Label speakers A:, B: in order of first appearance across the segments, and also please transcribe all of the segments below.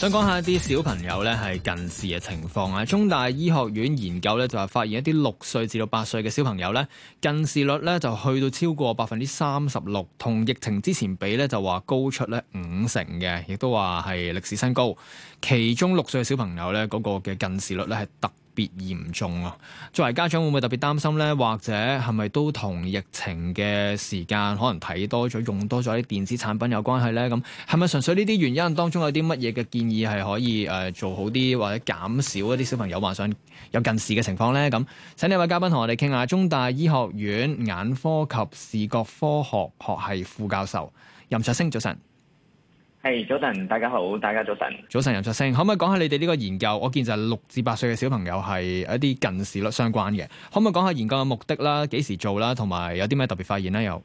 A: 想講下一啲小朋友咧係近視嘅情況啊，中大醫學院研究咧就係發現一啲六歲至到八歲嘅小朋友咧近視率咧就去到超過百分之三十六，同疫情之前比咧就話高出咧五成嘅，亦都話係歷史新高。其中六歲嘅小朋友咧嗰個嘅近視率咧係特。特別嚴重啊！作為家長會唔會特別擔心呢？或者係咪都同疫情嘅時間可能睇多咗，用多咗啲電子產品有關係呢？咁係咪純粹呢啲原因當中有啲乜嘢嘅建議係可以誒、呃、做好啲，或者減少一啲小朋友患上有近視嘅情況呢？咁，請呢位嘉賓同我哋傾下，中大醫學院眼科及視覺科學學系副教授任卓昇早晨。
B: 係、hey, 早晨，大家好，大家早
A: 晨。早晨，任卓昇，可唔可以講下你哋呢個研究？我見就係六至八歲嘅小朋友係一啲近視率相關嘅，可唔可以講下研究嘅目的啦？幾時做啦？同埋有啲咩特別發現呢？又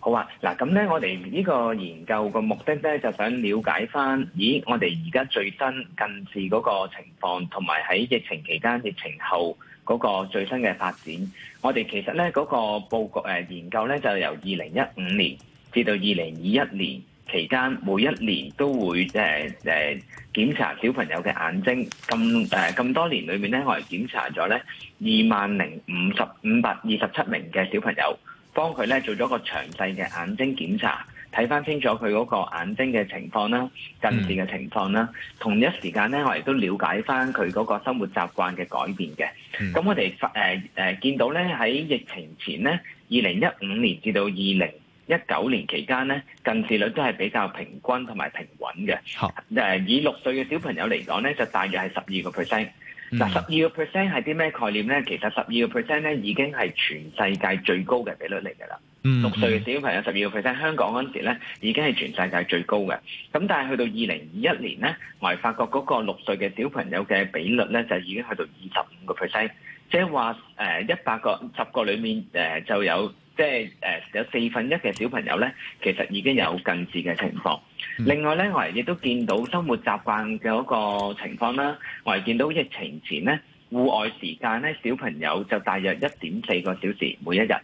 B: 好啊！嗱，咁咧，我哋呢個研究嘅目的咧，就想了解翻，咦，我哋而家最新近視嗰個情況，同埋喺疫情期間疫情後嗰、那個最新嘅發展。我哋其實咧嗰、那個報告誒、呃、研究咧，就由二零一五年至到二零二一年。期間每一年都會誒誒、呃呃、檢查小朋友嘅眼睛，咁誒咁多年裏面咧，我哋檢查咗咧二萬零五十五百二十七名嘅小朋友，幫佢咧做咗一個詳細嘅眼睛檢查，睇翻清楚佢嗰個眼睛嘅情況啦、近視嘅情況啦，嗯、同一時間咧，我哋都了解翻佢嗰個生活習慣嘅改變嘅。咁、嗯嗯、我哋誒誒見到咧喺疫情前咧，二零一五年至到二零一九年期間咧，近視率都係比較平均同埋平穩嘅。好、 呃，以六歲嘅小朋友嚟講咧，就大約係十二個 percent。嗱，十二個 percent 係啲咩概念咧？其實十二個 percent 咧已經係全世界最高嘅比率嚟嘅啦。六 歲嘅小朋友十二個 percent，香港嗰陣時咧已經係全世界最高嘅。咁但係去到二零二一年咧，我哋發覺嗰個六歲嘅小朋友嘅比率咧就已經去到二十五個 percent，即係話誒一百個十個裡面誒、呃、就有。即係誒、呃、有四分一嘅小朋友咧，其實已經有近視嘅情況。嗯、另外咧，我哋亦都見到生活習慣嘅嗰個情況啦。我哋見到疫情前咧，戶外時間咧小朋友就大約一點四個小時每一日，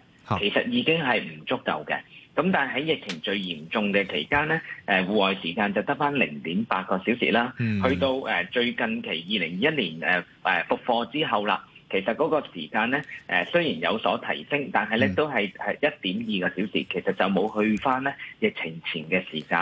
B: 其實已經係唔足夠嘅。咁但係喺疫情最嚴重嘅期間咧，誒戶外時間就得翻零點八個小時啦。嗯、去到誒、呃、最近期二零二一年誒誒、呃、復課之後啦。其實嗰個時間咧，誒雖然有所提升，但係咧都係係一點二個小時，其實就冇去返咧疫情前嘅時間。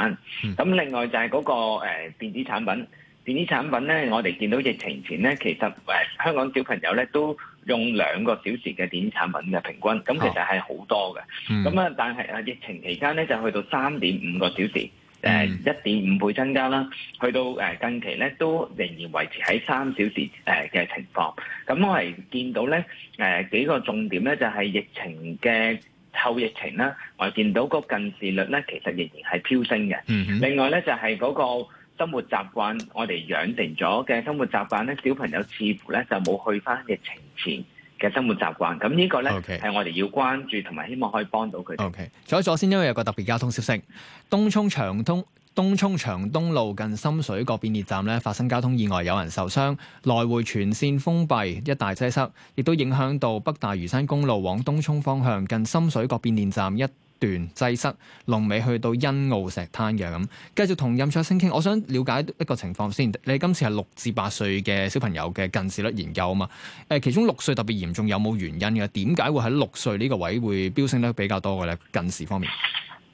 B: 咁、嗯、另外就係嗰、嗰個誒、呃、電子產品，電子產品咧，我哋見到疫情前咧，其實誒、呃、香港小朋友咧都用兩個小時嘅電子產品嘅平均，咁其實係好多嘅。咁啊、哦，嗯、但係啊，疫情期間咧就去到三點五個小時。誒一點五倍增加啦，去到誒近期咧都仍然維持喺三小時誒嘅、呃、情況。咁我係見到咧誒、呃、幾個重點咧，就係、是、疫情嘅後疫情啦，我哋見到個近視率咧其實仍然係飆升嘅。Mm hmm. 另外咧就係、是、嗰個生活習慣，我哋養成咗嘅生活習慣咧，小朋友似乎咧就冇去返疫情前。嘅生活習慣，咁呢個咧係我哋要關注，同埋希望可以幫到佢哋。
A: 左左、okay. 先，因為有個特別交通消息，東涌長通。東涌長東路近深水角變電站咧發生交通意外，有人受傷，來回全線封閉，一大擠塞，亦都影響到北大嶼山公路往東涌方向近深水角變電站一段擠塞，龍尾去到欣澳石灘嘅咁。繼續同任卓昇傾，我想了解一個情況先。你今次係六至八歲嘅小朋友嘅近視率研究啊嘛？誒，其中六歲特別嚴重，有冇原因嘅？點解會喺六歲呢個位會飆升得比較多嘅咧？近視方面？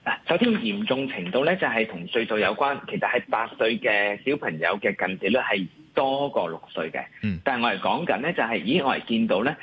B: 嗱，首先嚴重程度咧就係、是、同歲數有關，其實係八歲嘅小朋友嘅近視率係多過六歲嘅。嗯，但係我嚟講緊咧、就是，就係以我嚟見到咧，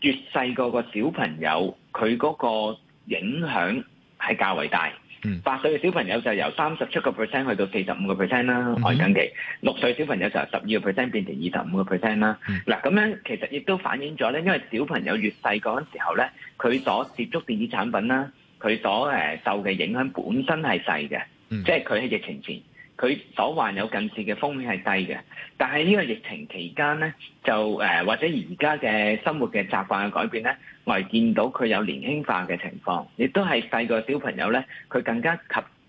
B: 越細個個小朋友佢嗰個影響係較為大。嗯，八歲嘅小朋友就由三十七個 percent 去到四十五個 percent 啦，愛眼、嗯、期。六、嗯、歲小朋友就由十二個 percent 變成二十五個 percent 啦。嗱，噉樣、嗯、其實亦都反映咗咧，因為小朋友越細個嗰陣時候咧，佢所接觸電子產品啦。佢所誒、呃、受嘅影響本身係細嘅，嗯、即係佢喺疫情前，佢所患有近視嘅風險係低嘅。但係呢個疫情期間咧，就誒、呃、或者而家嘅生活嘅習慣嘅改變咧，我哋見到佢有年輕化嘅情況，亦都係細個小朋友咧，佢更加及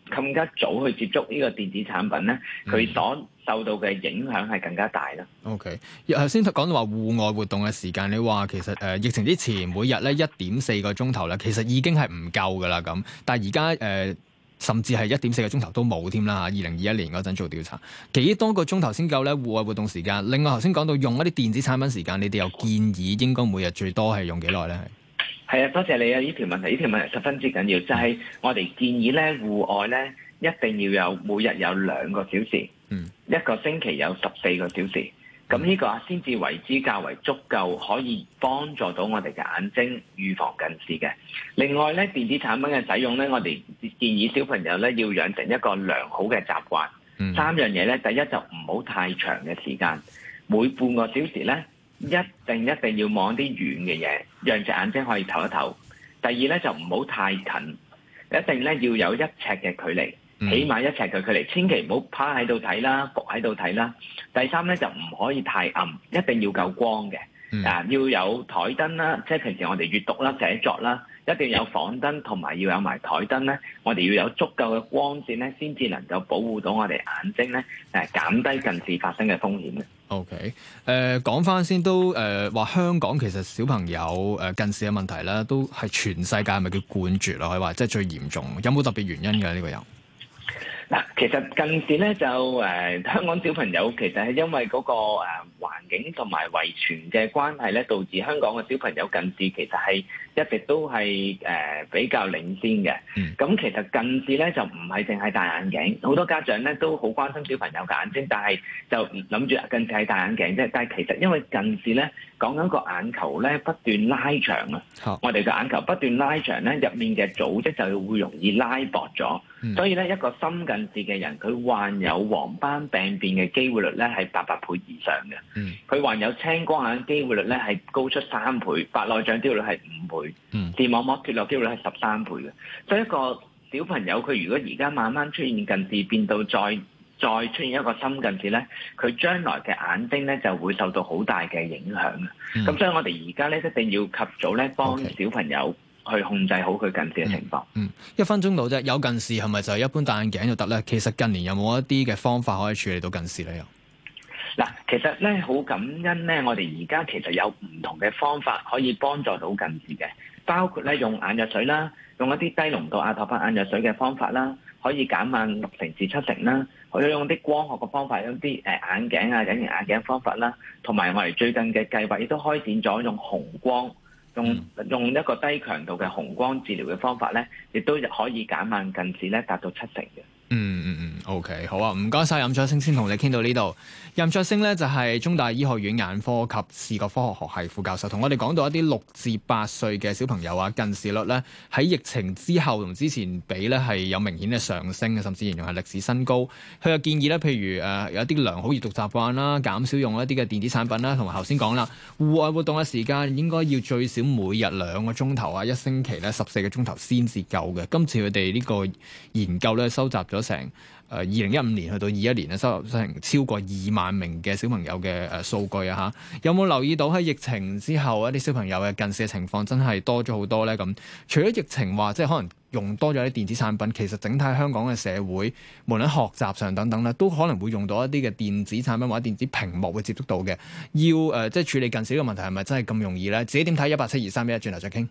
B: 更加早去接觸呢個電子產品咧，佢所受到嘅影響係更加大咯。
A: OK. 頭先講到話戶外活動嘅時間，你話其實誒、呃、疫情之前每日咧一點四個鐘頭咧，其實已經係唔夠㗎啦咁。但係而家誒甚至係一點四個鐘頭都冇添啦嚇。二零二一年嗰陣做調查，幾多個鐘頭先夠咧戶外活動時間？另外頭先講到用一啲電子產品時間，你哋又建議應該每日最多係用幾耐咧？
B: 係啊，多謝你啊！呢條問題，呢條問題十分之緊要，就係我哋建議咧，戶外咧一定要有每日有兩個小時，嗯，一個星期有十四個小時，咁呢個先至為之較為足夠，可以幫助到我哋嘅眼睛預防近視嘅。另外咧，電子產品嘅使用咧，我哋建議小朋友咧要養成一個良好嘅習慣。三樣嘢咧，第一就唔好太長嘅時間，每半個小時咧。一定一定要望啲遠嘅嘢，讓隻眼睛可以唞一唞。第二咧就唔好太近，一定咧要有一尺嘅距離，嗯、起碼一尺嘅距離，千祈唔好趴喺度睇啦，伏喺度睇啦。第三咧就唔可以太暗，一定要夠光嘅，啊、嗯、要有台燈啦，即係平時我哋閲讀啦、寫作啦。一定要有房燈同埋要有埋台燈咧，我哋要有足夠嘅光線咧，先至能夠保護到我哋眼睛咧，誒、呃、減低近視發生嘅風險。
A: OK，誒講翻先都誒話、呃、香港其實小朋友誒近視嘅問題咧，都係全世界係咪叫冠絕啦？佢話即係最嚴重，有冇特別原因㗎呢個人？
B: 嗱，其實近視咧就誒香港小朋友其實係因為嗰個誒環境同埋遺傳嘅關係咧，導致香港嘅小朋友近視其實係一直都係誒比較領先嘅。咁其實近視咧就唔係淨係戴眼鏡，好多家長咧都好關心小朋友嘅眼睛，但係就諗住近視係戴眼鏡啫。但係其實因為近視咧講緊個眼球咧不斷拉長啊，我哋嘅眼球不斷拉長咧入面嘅組織就會容易拉薄咗，所以咧一個深嘅近視嘅人，佢患有黃斑病變嘅機會率咧係八百倍以上嘅。嗯，佢患有青光眼機會率咧係高出三倍，白內障機會率係五倍，視網膜脫落機會率係十三倍嘅。所以一個小朋友，佢如果而家慢慢出現近視，變到再再出現一個深近視咧，佢將來嘅眼睛咧就會受到好大嘅影響啊。咁所以我哋而家咧一定要及早咧幫小朋友。去控制好佢近視嘅情況。嗯，
A: 嗯，一分鐘到啫，有近視係咪就係一般戴眼鏡就得咧？其實近年有冇一啲嘅方法可以處理到近視咧？又
B: 嗱，其實咧好感恩咧，我哋而家其實有唔同嘅方法可以幫助到近視嘅，包括咧用眼藥水啦，用一啲低濃度阿托品眼藥水嘅方法啦，可以減慢六成至七成啦。可以用啲光學嘅方法，用啲誒眼鏡啊隱形眼鏡方法啦，同埋我哋最近嘅計劃亦都開展咗用紅光。用用一個低強度嘅紅光治療嘅方法咧，亦都可
A: 以減慢近視咧，達到七成嘅、嗯。嗯嗯嗯，OK，好啊，唔該晒。任卓昇先，同你傾到呢度。任卓昇咧就係、是、中大醫學院眼科及視覺科學學系副教授，同我哋講到一啲六至八歲嘅小朋友啊，近視率咧喺疫情之後同之前比咧係有明顯嘅上升，甚至形容係歷史新高。佢又建議咧，譬如誒、呃、有一啲良好閱讀習慣啦，減少用一啲嘅電子產品啦，同埋頭先講啦，戶外活動嘅時間應該要最少每日兩個鐘頭啊，一星期咧十四個鐘頭先至夠嘅。今次佢哋呢個研究咧收集咗成，誒二零一五年去到二一年啊，收入收成超過二萬名嘅小朋友嘅誒數據啊嚇，有冇留意到喺疫情之後一啲小朋友嘅近視嘅情況真係多咗好多咧？咁除咗疫情話即係可能用多咗啲電子產品，其實整體香港嘅社會無論學習上等等啦，都可能會用到一啲嘅電子產品或者電子屏幕會接觸到嘅。要誒、呃、即係處理近視嘅問題係咪真係咁容易咧？自己點睇？一八七二三一轉頭再傾。